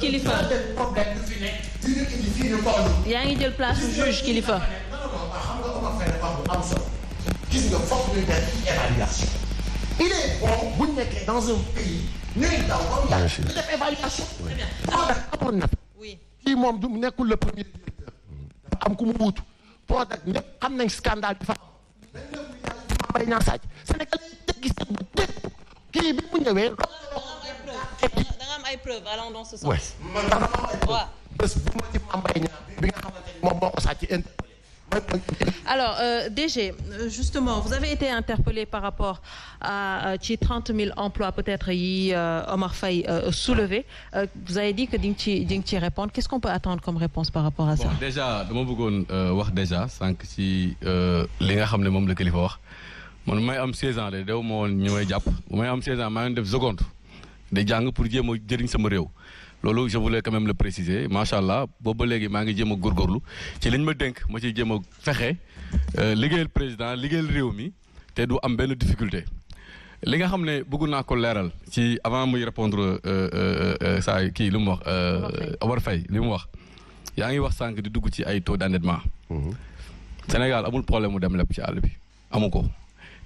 kilifa yaa ngi jël place juge kilifa. gis nga foog ñu def évaluation. il est bon bu ñu nekkee dans un pays. ñooy daw ba mu ñu def évaluation. Prodac amoon na. oui kii moom du nekkul le premier directeur. dafa am ku mu wuutu. Prodac ñëpp xam nañ scandale bi fa am. Sénégal yi teg gis kii bi mu ñëwee. da nga am ay preuves allant dans ce sens. man dama am ay preuves. justement vous avez été interpellé par rapport à euh, ci trente mille emplois peut-être yi euh, Omar Faye euh, soulevé euh, vous avez dit que di nga ci di nga ci répondre qu'est-ce qu'on peut attendre comme réponse par rapport à ça. bon déjà dama bëggoon euh, wax déjà sànq ci li nga xam ne moom la kilifa wax man may am seize ans de dew ma woon ñu may am seize ans maa ngi def day jàng pour jéem a jëriñ sama réew loolu je voulais quand même le préciser macha allah boobu ba léegi maa ngi jéem a góorgóorlu ci liñ ma dénk ma ciy jéem a fexe euh, liggéeyal président liggéeyal réew mi te du am benn difficulté. li nga xam ne bëgg naa ko leeral ci avant muy répondre euh, euh, saa kii li mu wax. Omar Faye li mu wax. yaa ngi wax sànq di dugg ci ay taux d'endettement. Mhm. Sénégal amul problème mu dem lépp ci àll bi amu ko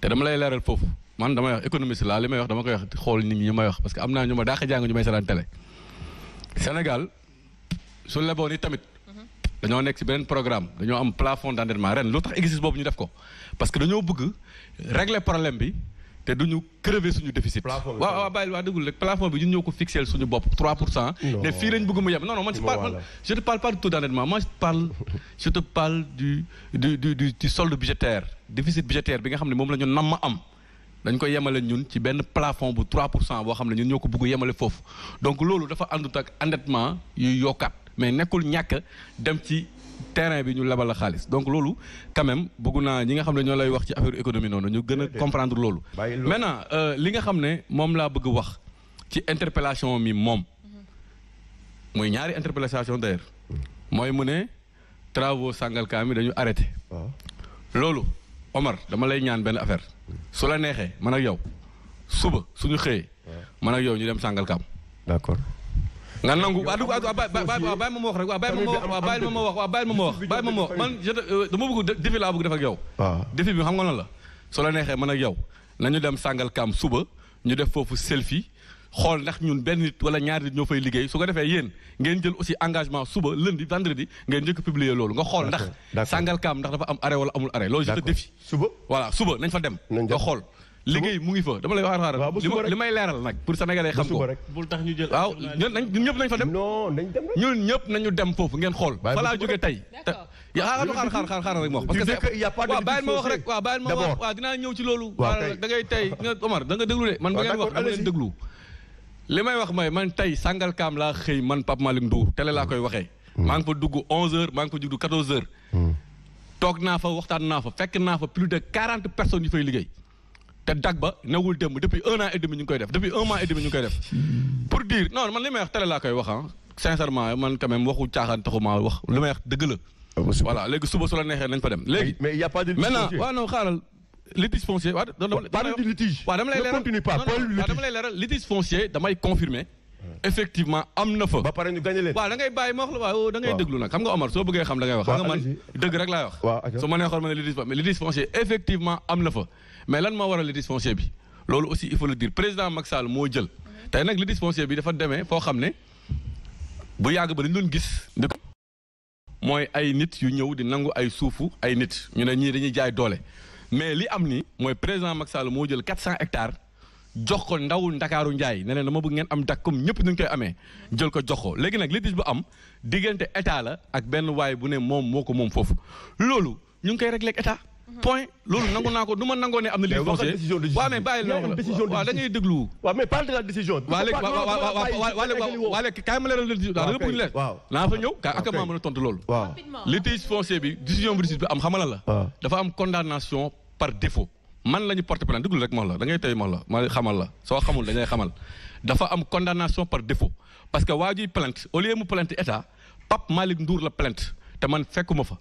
te dama lay leeral foofu. man damay wax économiste laa li may wax dama koy wax xool nit ñi may wax parce que am naa ñu ma daax jàng ñu may salaan télé Sénégal su leboon yi tamit dañoo nekk ci beneen programme dañoo am plafond d'endettement ren lu tax exercice boobu ñu def ko parce que dañoo bëgg régler problème bi te duñu crever suñu déficit waaw waaw bàyyil waa déglu rek plafond bi ñun ñoo ko fixeel suñu bopp 3 pour cent ne fii lañ bëgg mu yem non non man je te parle pas du taux d'endettement bi nga xam ne moom la ñu namm am dañ ko yemale ñun ci benn plafond bu 3 pour cent boo xam ne ñun ñoo ko bëgg yemale foofu donc loolu dafa àndut ak endettement yuy yokkaat mais nekkul ñàkk dem ci terrain bi ñu labal la xaalis donc loolu quand même naa ñi nga xam ne ñoo lay wax ci affaire économie noonu ñu gën a comprendre loolu maintenant euh, li nga xam ne moom laa bëgg wax ci interpellation mi moom muy ñaari interpellation d'ailleurs mooy mu ne travaux Sangalkam mi dañu arrêté ah. loolu Omar dama lay ñaan benn affaire su la neexee man ak yow suba suñu xëyee. man ak yow ñu dem sàngal kaam. d'accord. nga nangu waaw waaw bàyyi ma ma wax rek waaw bàyyi ma ma wax waaw bàyyi ma ma wax bàyyi ma ma wax man je euh, dama bëgg défi laa bëgg def ak yow. waaw ah. bi xam nga lan la. su la neexee man ak yow nañu dem sàngal kaam suba ñu def foofu selfie. xool ndax ñun benn nit wala ñaari nit ñoo fay liggéey su ko defee yéen ngeen jël aussi engagement suba lundi vendredi ngeen njëkk publier loolu nga xool ndax Sangalkam ndax dafa am arrêt wala amul arrêt loolu je te défie suba voilà suba nañ fa dem xool li may leeral nag pour sénégalais xam ko bul tax ñu jël waaw ñun ñëpp nañ fa dem ñun ñëpp nañu dem foofu ngeen xool fa laa jóge tey xaaral xaaral xaaral xaaral rek ma wax parce que waaw bàyyil ma wax rek waaw bàyyil ma wax waaw dinaa ñëw ci loolu da ngay tey Omar da nga déglu de man ba ngeen wax li may wax mooy man tey Sangalkam laa xëy man Pape Malick Ndour laa koy waxee. Hmm. maa ngi fa dugg 11h maa ngi fa dugg 14h. Hmm. toog naa fa waxtaan naa fa fekk naa fa plus de 40 personnes yu fay liggéey. te dag ba newul démb depuis un an et demi ñu koy def depuis un mois et demi ñu ngi koy def. Hmm. pour dire non man li may wax télé laa koy wax ah sincèrement man quand waxu caaxaan taxuma wax li may wax dëgg la. Ah, voilà léegi suba su la neexee nañ dem. léegi a litige foncier waaw parle du lay leeral ne continue pas dama lay leeral damay confirmer effectivement am na fa. ba pare ñu gagné leen. waaw ngay bàyyi ma wax la waaw da ngay déglu nag xam nga Omar soo bëggee xam da ngay wax. xam nga man dëgg rek laay wax. su ma neexoon ma ne litige foncier effectivement am na fa mais lan moo waral litige foncier bi loolu aussi il faut le dire président Macky Sall moo jël tey nag litige foncier bi dafa demee foo xam ne bu yàgg ba dañ doon gis. mooy ay nit yu ñëw di nangu ay suufu ay nit ñu ne ñii dañuy jaay doole mais li am ni mooy président Macky Sall moo jël quatre cent hectares jox ko ndaw ndakaaru njaay ne leen dama bëgg ngeen am dak comme ñëpp ñu koy amee jël ko jox ko léegi nag litige bu am diggante état la ak benn waay bu ne moom moo ko moom foofu loolu ñu ngi koy réglé ak état point loolu nangu naa ko du ma nangoo ne am na li foncier waaw mais bàyyi loolu ah, waaw naa fa ñëw kaay ak maa a tontu loolu litige foncier bi décision bi bi am xamala la ah. dafa am condamnation par défaut man la ñu porté plainte déglu rek mox la da ngay tey mox la ma xamal la soo xamul dangay xamal dafa am condamnation par défaut parce que waa juy plainte au lieu mu plainte état Pape Malick Ndour la plainte te man fekkuma fa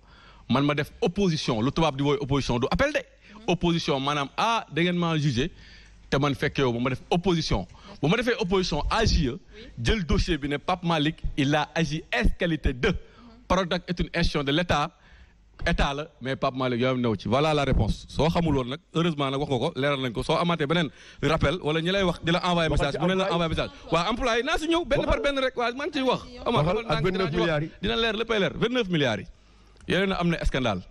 man ma def opposition lu tubaab di wooy opposition du appel de opposition maanaam ah da ngeen maa jugé te man fekke yow ma def opposition bu ma defee opposition AGE jël dossier bi ne Pape Malick il a agi en qualité de Prodac est une institution de l'État état la mais Pape Malick yow new ci voilà la réponse soo xamuloon woon nag heureusement nag wax nga ko leeral nañ ko soo amaatee beneen rappel wala ñi lay wax di la envoyé message bu ne la envoyé message waa employé yi naa si ñëw benn par benn rek waa man ciy wax dina leer léppay leer vingt neuf milliards yi yéen na am na scandale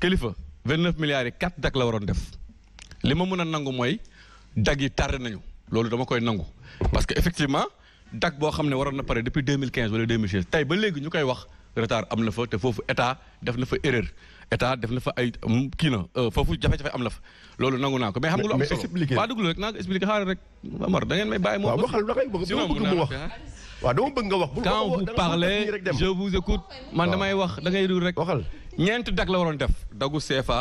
kilifa vingt neuf milliards yi quatre dag la waroon def li ma mën a nangu mooy dag yi tardé nañu loolu dama koy nangu parce que effectivement ñu koy wax retard am na fa te foofu état def na fa erreur état def na fa ay mm, kii na euh, foofu jafe am na fa loolu nangu naa ko mais xam nga lu am solo waa duglu rek naa ko expliqué xaaral rek Amar da ngeen may bàyyi moom waxal da ngay bëgg dama wax waaw dama bëgg nga wax quand vous parlez je vous écoute man damay wax da ngay dul rek waxal ñeent dag la waroon def dagu CFA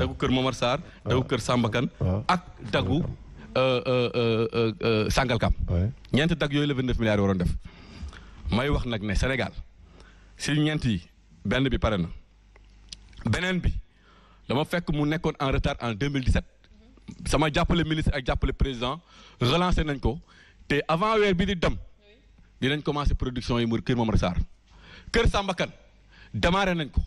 dagu kër Momar Sarr dagu kër Sambakan ak dagu euh, euh, Sangalkam ñeent dag yooyu la 29 milliards yi waroon def may wax nag ne Sénégal si ñeent yi benn bi pare na beneen bi dama fekk mu nekkoon en retard en 2017 sama jàppale ministre ak jàppale président relancé nañ ko te avant weer bi di dem dinañ commencé production yi mu Kër Momar Sarr Kër Samba Kane nañ ko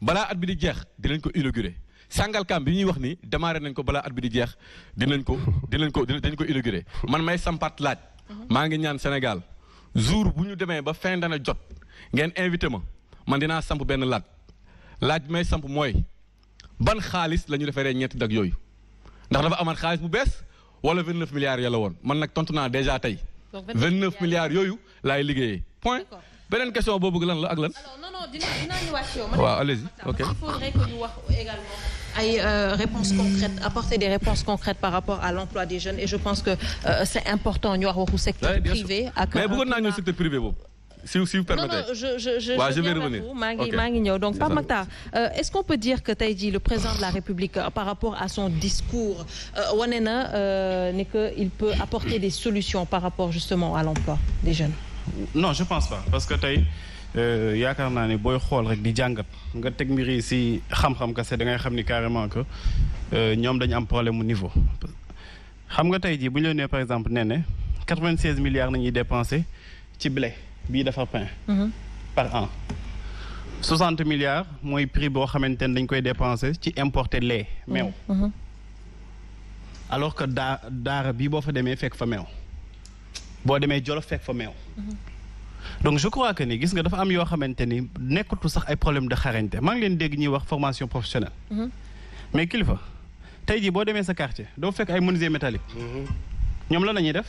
balaa at bi di jeex di nañ ko inauguré Sangalkam bi ñuy wax ni démarré nañ ko balaa at bi di jeex dinañ ko dinañ ko dinañ ko inauguré man may sampat laaj mhm. maa ngi ñaan Sénégal jour bu ñu demee ba fin dana jot ngeen invité ma man dinaa samp benn laaj laaj bi may samp mooy ban xaalis la ñu defaree ñetti dag yooyu ndax dafa amaat xaalis bu bees wala 29 milliards ya la woon man nag tontu naa déjà tey. 29 milliards yooyu laay liggéeyee point. beneen question boo bëgg lan la ak lan. alors non non dina dina ñëwaat que ñu wax également. ay euh, réponses concrètes apporter des réponses concrètes par rapport à l'emploi des jeunes et je pense que euh, c'est important ñu wax waxu secteur privé. mais euh, bëggoon naa ñëw secteur privé boobu. si si vous permettez. non non je je je ouais, maa ngi ñëw donc Pape Makhtar euh, est-ce qu'on peut dire que tey jii le président de la République euh, par rapport à son discours euh, wane na euh, ne que il peut apporter des solutions par rapport justement à l'emploi des jeunes. non je pense pas parce que tey yaakaar naa ne booy xool rek di jàngat nga teg mbir si xam-xam kese da ngay xam ni carrément que ñoom dañu am problème mu niveau. xam nga tey jii bu ñu nee par exemple nee ne 96 milliards nañuy dépensé ci blé. bii dafa pain. Mhm. par an soixante milliards mooy prix boo xamante ne dañ koy dépenser ci importer lait meew. Mhm. Mhm. alors que daa daara bi boo fa demee fekk fa meew boo demee Jolof fekk fa meew. donc je crois que ni gis nga dafa am yoo xamante ni nekkatu sax ay problème de xarañte maa ngi leen dégg ñuy wax formation professionnelle. mais kilifa tey jii boo demee sa quartier doo fekk ay menuisier métallique. ñoom lan la ñuy def.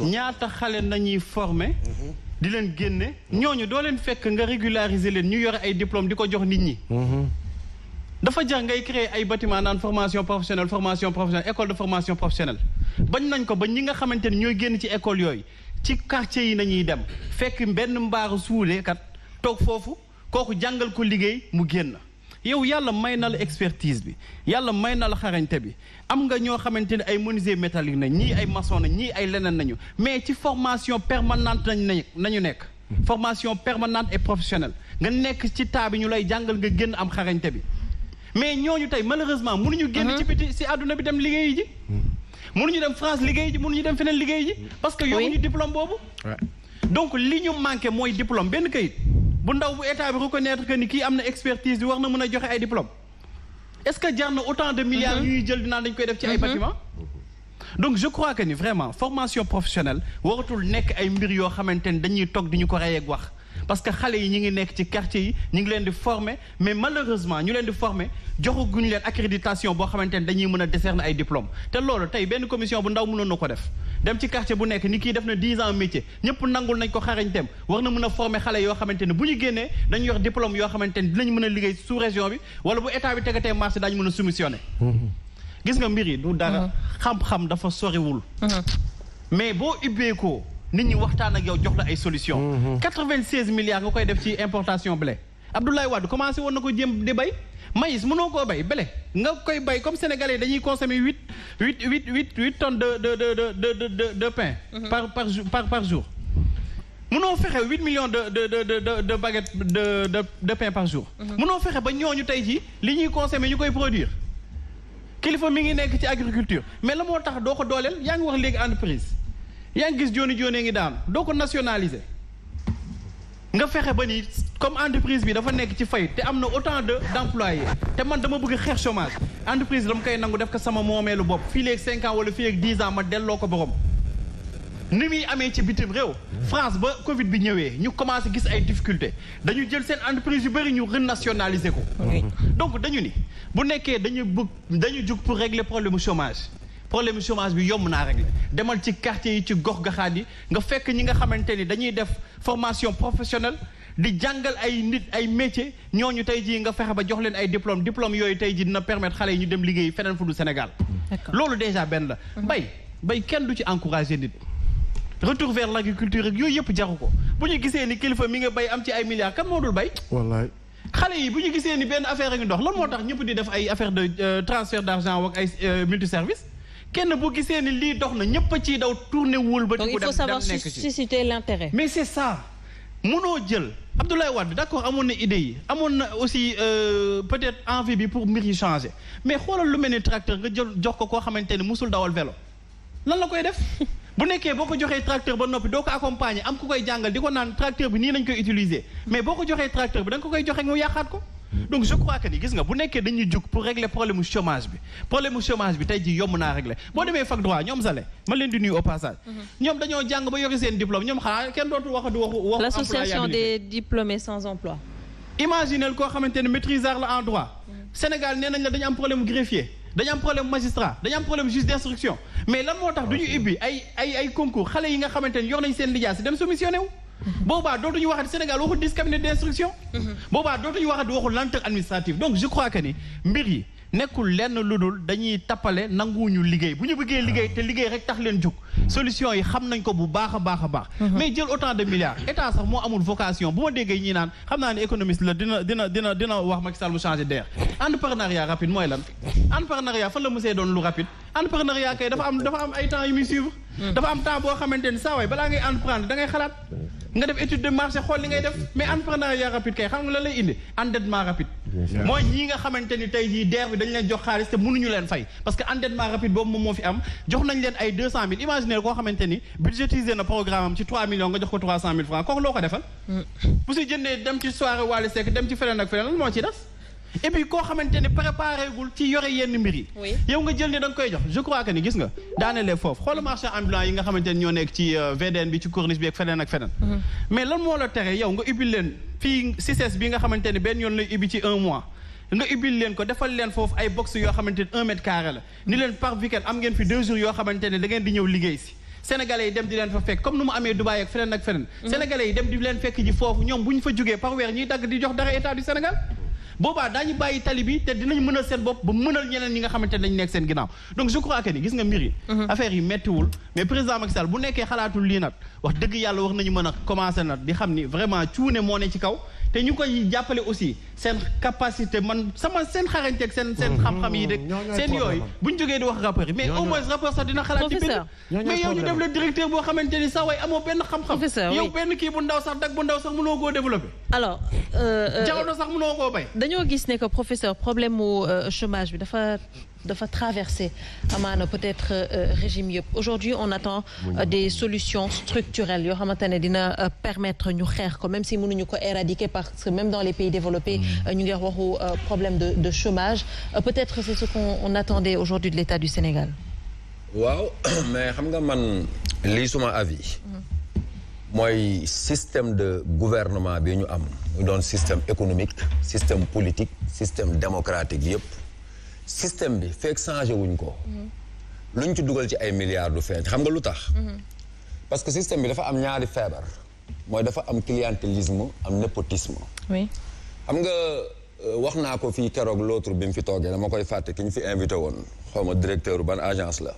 ñaata xale nañuy former. Mhm. di leen génne ñooñu doo leen fekk nga régulariser leen ñu yore ay diplôme di ko jox nit ñi. Mhm. dafa jar ngay créer ay bâtiment naan formation professionnelle formation professionnelle école de formation professionnelle bañ nañ ko ba ñi nga xamante ni ñooy génn ci école yooyu ci quartier yi nañuy dem fekk benn mbaaru suulee kat toog foofu kooku jàngal ko liggéey mu génn. yow yàlla may na la expertise bi yàlla may na la xarañte bi am nga ñoo xamante ne ay menuisier métallique na ñii ay maçon na ñii ay leneen nañu mais ci formation permanente nañ nañu nekk formation permanente et professionnelle nga nekk ci taa bi ñu lay jàngal nga génn am xarañte bi mais ñooñu tey malheureusement ñu génn uh-huh. ci biti si àdduna bi dem liggéeyi ji hmm. mënuñu dem France liggéey ji ñu dem feneen liggéey ji parce que ñu diplôme boobu donc li ñu manqué mooy diplôme benn kayit bu ndaw bu état bi reconnaître que ni kii am na expertise bi war na mën a joxe ay diplôme est-ce que jar na autant de milliards mhm. ñuy jël dinaan dañ koy def ci ay mhm. bâtiment donc je crois que ni vraiment formation professionnelle waratul nekk ay mbir yoo xamante ni dañuy toog di ñu ko reyeeg wax parce que xale yi ñu ngi nekk ci quartier yi ñu ngi leen di forme mais malheureusement ñu leen di former joxaguñu leen accréditation boo xamante ni dañuy mën a décerner ay diplôme te loolu tey benn commission bu ndaw mënoon na ko def dem ci quartier bu nekk ni kii def na dix ans métier ñëpp nangul nañ ko xarañteem war na mën a former xale yoo xamante ne bu ñu génnee dañu yor diplôme yoo xamante ne dinañ mën a liggéey sous région bi wala bu état bi tegatee marché daañu mën a soumissionné gis nga mbir yi du dara mm-hmm. xam-xam dafa soriwul mm-hmm. mais boo ubbeekoo nit ñi waxtaan ak yow jox la ay solution mm-hmm. quatre-vingt-seize milliards nga koy def ci importation blé Abdoulaye Wade commencé woon na ko jéem di bay mais mënoo koo bay bële nga koy bay comme sénégalais dañuy consommer huit huit huit huit huit tonnes de de de de de de pain. par mhm. par par jour. munoo fexe huit millions de de de de de baguettes de de de pain par jour. Mhm. mënoo fexe ba ñu tey jii li ñuy consommer ñu koy produire. kilifa mi ngi nekk ci agriculture mais la moo tax doo ko dooleel yaa ngi wax léegi entreprise yaa ngi gis jooni joonee ngi daanu doo ko nationaliser. nga fexe ba nii comme entreprise bi dafa nekk ci fay te am na autant de d' employés te man dama bëgg xeex chômage entreprise dama koy nangu def ko sama moomeelu bopp fii léegi cinq ans wala fii léegi dix ans ma delloo ko borom ni muy amee ci bitim réew France ba Covid bi ñëwee ñu commencé gis ay difficultés dañu jël seen entreprise yu bëri ñu renationaliser ko donc dañu ni bu nekkee dañu bëgg dañu jug pour régler problème chomage problème chômage bi yomb naa régler demal ci quartier yi ci gox gaxaat yi nga fekk ñi nga xamante ni dañuy def formation professionnelle di jàngal ay nit ay métier ñooñu tey jii nga fexe ba jox leen ay diplôme diplôme yooyu tey jii dina permettre xale yi ñu dem liggéey feneen fu du Sénégal loolu déjà benn la mhm. bay bay kenn du ci encourager nit retour vers l'agriculture ak yooyu yëpp jaru ko bu ñu gisee ni kilifa mi nga bay am ci ay milliards kan moo dul bay wallaay xale yi bu ñu gisee ni benn affaire a ngi moo tax ñëpp di def ay affaire de euh, transfert d'argent ak ay euh, multiservice kenn bu gisee ni lii dox na ñëpp a ciy daw tourné wul ba. donc il faut savoir susciter l'intérêt mais c'est ça mënoo jël Abdoulaye Wade d'accord amoon na idée yi amoon na aussi euh, peut-être envie bi pour mbir yi changer mais xoolal lu mel ni tracteur nga jël jox ko koo xamante ni mosul dawal vélo lan la koy def. bu nekkee boo ko joxee tracteur ba noppi doo ko accompagner am ku koy jàngal di ko naan tracteur bi nii lañ koy utiliser mais boo ko joxee tracteur bi da koy joxe mu yàqaat ko. donc je crois que gis nga bu nekkee dañuy jug pour régler problème mu chômage bi problème mu chômage bi tey jii yomb naa régler boo demee fac droit ñoom sale man leen di nuyu au mhm. ñoom dañoo jàng ba yori seen diplôme ñoom xanaa kenn dootu waxatu waxu. waxu l'association des diplômés sans emploi. imaginez koo xamante ne maîtrisard la en droit. Mhm. Sénégal nee nañ la dañu am problème greffier. dañu am problème magistrat dañu am problème juge d'instruction tax du ñu ubbi ay ay ay concours xale yi nga xamante ne boobaa dootuñu waxati Sénégal waxul dix cabinet d'instruction mhm. boobaa dootuñu waxati waxul lenteur administrative donc je crois que ni mbir yi nekkul lenn lu dul dañuy tappale nanguwuñu liggéey bu ñu bëggee liggéey te liggéey rek tax leen jug solution yi xam nañ ko bu baax a baax a baax mhm. mais jël autant de milliards état sax moo amul vocation bu ma déggee ñi naan xam naa ne économiste la dina dina dina dina wax Macky Sall mu changé d'air entrepreneuriat rapide mooy lan entrepreneuriat fan am dafa am ay temps yu mhm. xamante ni saa waay balaa ngay entreprendre da ngay nga def étude de marché xool li ngay def mais entrepreneuriat rapide kay xam nga lan lay indi endettement rapide. mooy ñii nga xamante ni tey jii DER bi dañ leen jox xaalis te mënuñu leen fay parce que endettement rapide boobu moom moo fi am jox nañ leen ay deux cent mille imaginer koo xamante ni budgétisé na programme am ci trois millions nga jox ko trois cent mille francs kooku loo ko defal. Mm. bu si jëndee dem ci soirée Wally Seck dem ci feneen ak feneen et puis koo xamante ne préparé gul ci yore yenn mbir yi. yow nga jël ne da koy jox je crois que ni gis nga daanelee foofu xool marché ambulant yi nga xamante ne ñoo nekk ci euh, VDN bi ci corniche bi ak feneen ak feneen. Mhm. mais lan moo la tere yow nga ubbil leen fii CICES bi nga xamante ne benn yoon lay ubbi ci un mois. nga ubbil leen ko defal leen foofu ay box yoo xamante ne un mètre carré la ni leen par weekend am ngeen fi deux jours yoo xamante ne da di ñëw liggéey si. sénégalais yi dem di leen fa fekk comme nu mu amee boobaa daañu bàyyi tali bi te dinañ mënal seen bopp ba mënal ñeneen ñi nga xamante ne dañ nekk seen ginnaaw donc je crois que ni gis nga mbir yi mhm. affaire yi méttiwul mais président Macky Sall bu nekkee xalaatul lii nag wax dëgg yàlla war nañu mën a commencé nag di xam ni vraiment cuune moo ne ci kaw te ñu koy jàppale aussi seen capacité man sama seen xarañteeg seen seen mhm. xam-xam yi rek seen yooyu bu ñu jógee di wax rappeurs mais au moins rappeur sax dina xalaat ci bind mais yow ñu def le directeur boo xamante ni sax amoo benn xam-xam yow benn kii bu ndaw sax dag bu ndaw sax mënoo koo développé alors euh, euh, jaxono sax mënoo koo bay dañoo gis ne que professeur problème mu euh, chômage bi dafa dafa traverser amaana peut-être euh, euh, régime yëpp aujourd'hui on attend euh, des solutions structurelles yoo xamante ne dina permettre ñu xeex ko même si mënuñu ko éradiquer parce que même dans les pays développés mm. ñu ngi waxu de de chômage peut-être c'est ce qu'on attendait aujourd'hui de l'État du Sénégal waaw mais xam nga man lii suma avis mm. système de gouvernement bi ñu am doon système économique système politique système démocratique yëpp système bi feek changé wuñ ko. lu luñ ci dugal ci ay milliards du feeñ xam nga lu tax. parce que système bi dafa am ñaari feebar. mooy dafa am clientélisme am népotisme. oui xam nga euh, wax naa ko fii teroog l'autre bi mu fi toogee dama koy fàtte ki ñu fi invité woon xaw ma directeur ban agence la.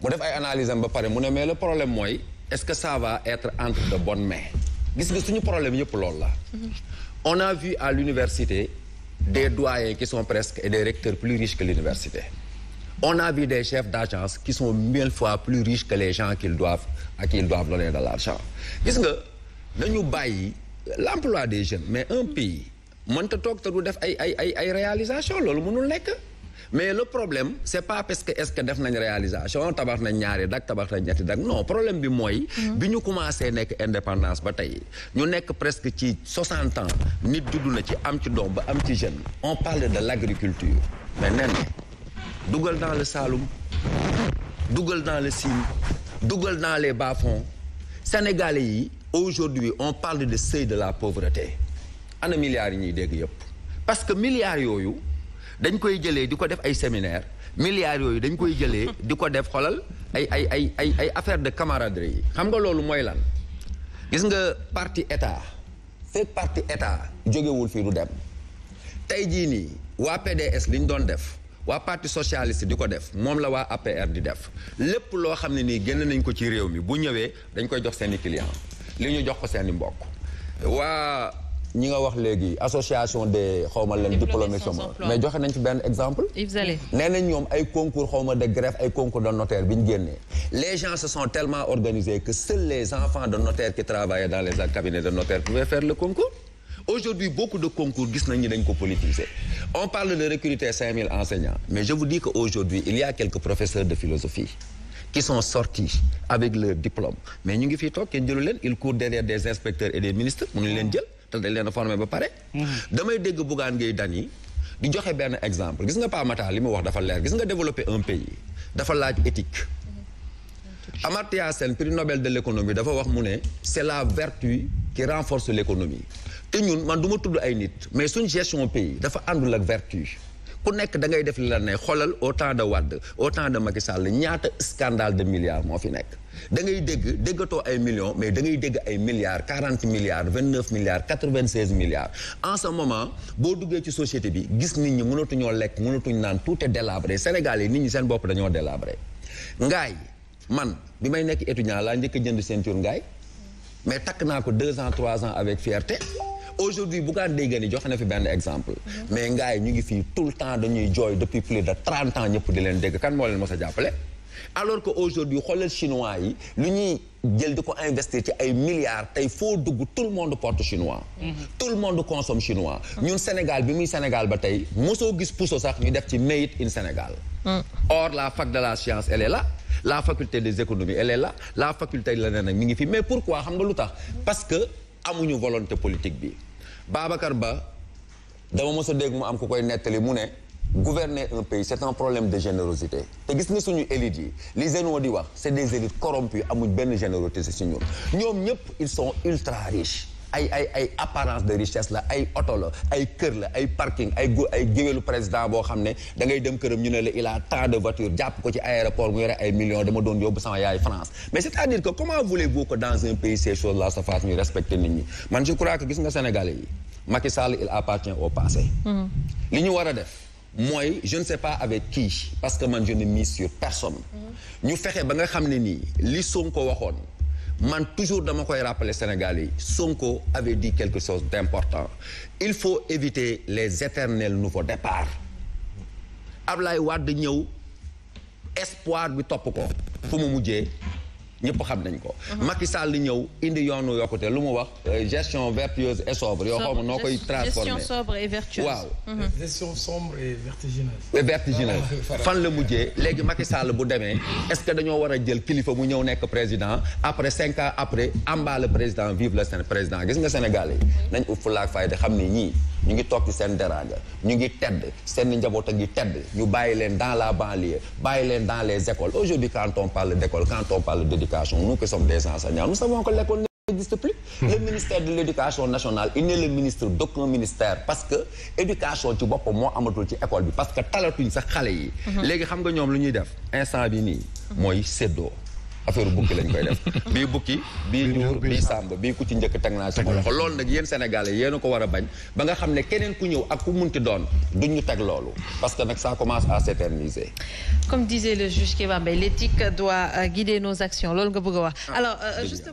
mu def ay analyse am ba pare mu ne mais le problème mooy est-ce que ça va être entre de bon mains. gis nga suñu problème yëpp loolu la. Mhm. on a vu à l'université des doyens qui sont presque et des recteurs plus riches que l'université. On a vu des chefs d'agence qui sont mille fois plus riches que les gens qu'ils doivent, à qui ils doivent donner de l'argent. gis nga dañu bàyyi l'emploi des jeunes mais un pays mënta toog te du def ay ay ay ay réalisation loolu mënul nekk. mais le problème c' pas parce que est ce que def nañ réalisation tabax nañ ñaari dak tabax nañ ñetti dak non problème bi mooy. Mm-hmm. bi ñu commencé nekk indépendance ba tey ñu nekk presque ci 60 ans nit judd na ci am ci doom ba am ci jeune. on parle de l' agriculture. mais nee dugal dans le Saloum dugal dans le Sine dugal dans les bas-fonds sénégalais yi aujourd'hui on parle de seuil de la pauvreté na milliards yi ñuy dégg yëpp parce que milliards yooyu. dañ koy jëlee di ko def ay seminaire milliards yooyu dañ koy jëlee di ko def xolal ay ay ay ay ay affaire de camaraderie yi xam nga loolu mooy lan gis nga parti état fekk parti état jógewul fii du dem tey jii nii waa PDS li doon def waa parti socialiste di ko def moom la waa APR di def lépp loo xam ne nii génn nañ ko ci réew mi bu ñëwee dañ koy jox seeni client li ñu jox ko seeni mbokk waa ñi nga wax léegi association des xawma leen diplômés chômeurs mais joxe nañ ci benn exemple nee ñoom ay concours xawma de greffe ay concours de notaire bi ñu les gens se sont tellement organisés que seuls les enfants de notaire qui travaillaient dans les cabinets de notaire pouvaient faire le concours aujourd'hui beaucoup de concours gis nañ ni dañ on parle de recruter 5000 enseignants mais je vous dis que aujourd'hui il y a quelques professeurs de philosophie qui sont sortis avec leur diplôme mais ñu ngi fii toog kenn jëlu leen ils courent te dañ leen a ba pare. Mm-hmm. damay dégg Bougane Gueye Dany di joxe benn exemple gis nga Pa li ma wax dafa leer gis nga développer un pays dafa laaj éthique. Mm-hmm. Amartya Sen prix Nobel de l'économie dafa wax mu ne c'est la vertu ki renforce l'économie te ñun man duma tudd ay nit mais suñ gestion pays dafa àndul ak vertu. ku nekk da ngay def li la ne xoolal au temps de Wade au temps de Macky ñaata scandale de milliards moo fi nekk da dégg déggatoo ay millions mais da ngay dégg ay milliards quarante milliards vingt neuf milliards quatre vingt seize milliards en ce moment boo duggee ci société bi gis nit ñi mënatuñoo lekk mënatuñ naan tout est délabré Sénégal yi nit ñi seen bopp dañoo délabré ngaay man bi may nekk étudiant laa njëkk a jënd ceinture ngaay mais takk naa ko deux ans trois ans avec fierté aujourd'hui Bougane Gueye Dany joxe na fi benn exemple mais ngaay ñu ngi fii tout le temps dañuy jooy depuis plus de trente ans ñëpp di leen dégg kan moo leen mos a jàppale alors que aujourd'hui xoolal chinois yi lu ñuy jël di ko investir ci ay milliards tey foo dugg tout le monde porte chinois mm-hmm. tout le monde consomme chinois ñun Sénégal bi muy Sénégal ba tey mosoo gis puso sax ñu def ci made in Sénégal mm. or la fac de la science elle est là la faculté des économies elle est là la ne nag mi ngi fi mais pourquoi xam nga lu tax parce que amuñu volonté politique bi Babacar Ba dama mos a mu am ku koy nettali mu ne gouverner un pays c'est un problème de générosité te gis nga suñu élites yi li Zeno di wax c'est des élites corrompues amuñ benn générosité si ñun ñoom ñëpp ils sont ultra ay ay ay apparence de richesse la ay oto la ay kër la ay parking ay gu ay géwélu président boo xam ne da ngay dem këram ñu ne la il a tant de voiture jàpp ko ci aéroport mu yore ay millions dama doon yóbbu sama yaay France mais c'est-à-dire que comment voulez-vous dans un pays ces choses là se fassent ñu respecter nit ñi man je crois que gis nga Sénégalais yi Macky Sall il appartient au passé mm-hmm. li ñu war a def mooy je ne sais pas avec qui parce que man je ne mise sur mm-hmm. xam ne nii li Sonko waxoon man toujours dama koy rappeler Sénégal yi Sonko avait di quelque chose d'important il faut éviter les éternels nouveaux départs Ablaye Wade ñëw espoir bi topp ko fu mu mujjee ñëpp xam nañ ko. Macky Sall ñëw indi yoonu yokkute lu mu wax euh, gestion vertueuse et sobre. yoo xam noo koy transformé gestion sobre et vertueuse. waaw mhm. gestion sombre et vertigineuse. et vertigineuse fan la mujjee léegi Macky Sall bu demee est ce que dañoo war a jël kilifa mu ñëw nekk président après cinq ans après amba le président vive le président gis nga Sénégal yi nañ ut fulaak fayda xam ni ñii. ñu ngi toog ci seen deraanga ñu ngi tedd seen njaboot a ngi tedd ñu bàyyi leen dans la banlieue bàyyi leen dans les écoles aujourd'hui quand on parle d'école quand on parle d'éducation nous qui sommes des enseignants nous savons que l'école n'existe hmm. ministère de l'éducation nationale il n'est le ministre d'aucun ministère parce que éducation ci boppam moo amatul ci école bi parce que talatuñ sax xale yi hmm. léegi xam nga ñoom lu ñuy def instant bi nii hmm. mooy séddoo affaire bukki lañ koy def bii bukki bii ñuur bii sàmb bii ku ci njëkk teg naa sama loxo loolu nag yéen sénégalais yéen ko war a bañ ba nga xam ne keneen ku ñëw ak ku munti doon duñ ñu tag loolu parce que nag sa commence à s'éterniser comme disait le juge Kéba Mbaye l'éthique doit guider nos actions loolu nga bëgg a wax ah, euh,